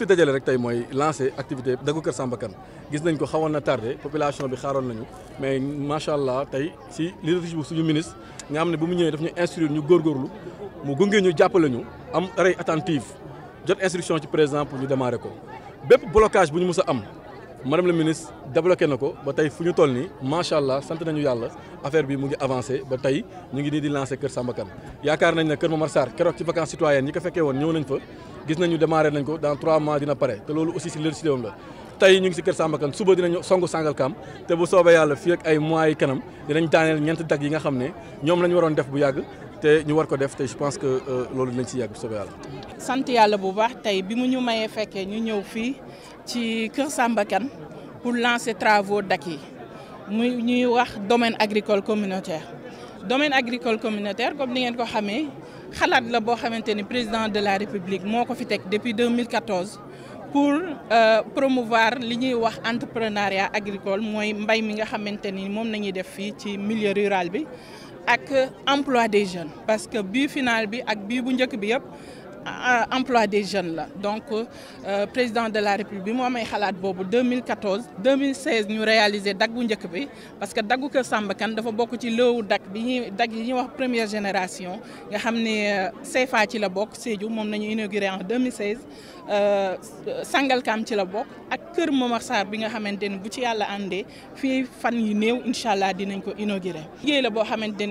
fi dajale rek tey mooy lancé activité Dagu Kër Samba Kane gis nañ ko xawoon na tardé population bi xaaroon nañu mais macha allah tey si leadership suñu ministre nga xam ne bu mu ñëwee daf ñu instruire ñu góorgóorlu mu gungee ñu jàppale ñu am oreille attentive jot instruction ci président pour ñu démarrer ko bépp blocage bu ñu mës a am. madame la ministre débloqué na ko ba tey fu ñu toll nii macha allah sant yàlla bu baax tey bi mu ñu mayee fekkee ñu ñëw fii ci Kër pour lancer travaux d'Aki. Nous muy domaine agricole communautaire domaine agricole communautaire comme vous le savez, le président de la république depuis 2014 pour euh, promouvoir l'entrepreneuriat agricole Nous mbay mi nga défis milieu rural ak emploi des jeunes parce que bii final bi ak bii bu njëkk bi yëpp euh, emploi des jeunes là. donc euh, président de la république bi mu amay xalaat 2014 2016 ñu réaliser dag bu bi parce que daggu Kër Samba kan dafa bokk ci lëwu dag bi ñuy dag yi ñuy wax première génération nga xam ne c'est euh, ci la bokk Sédhiou moom nañu inauguré en 2016 kam ci la bok ak keur Momar sar bi nga xamante ni bu ci yalla andé fi fan yu new inshallah dinañ ko inaugurer liggéey la boo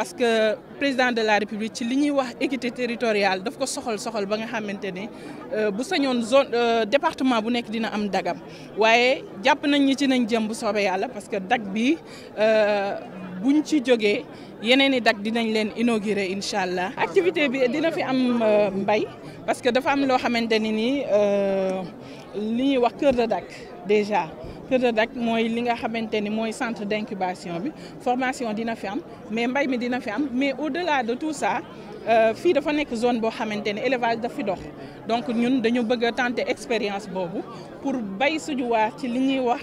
parce que président de la république ci li ñuy wax équité territoriale daf ko soxal soxal ba nga xamante ne euh, bu sañoon zone euh, département bu nekk dina am dagam waaye jàpp nañ ñi ci nañ jëm bu soobee yàlla parce que dag bi euh, buñ ci jógee yeneen i dinañ leen inaugurer inshallah activité bi dina fi am euh, mbay parce que dafa am lo xamanteni ni euh, li ñuy wax cœur de Dak déjà. cœur de Dak moy li nga xamanteni moy centre d'incubation bi formation dina fi am mais mbay mi dina fi am mais au-delà de tout ça euh, fi dafa nek zone bo xamanteni ni élevage daf fi dox donc ñun dañu bëgg tenter expérience bobu pour bay suñu waar ci li wax.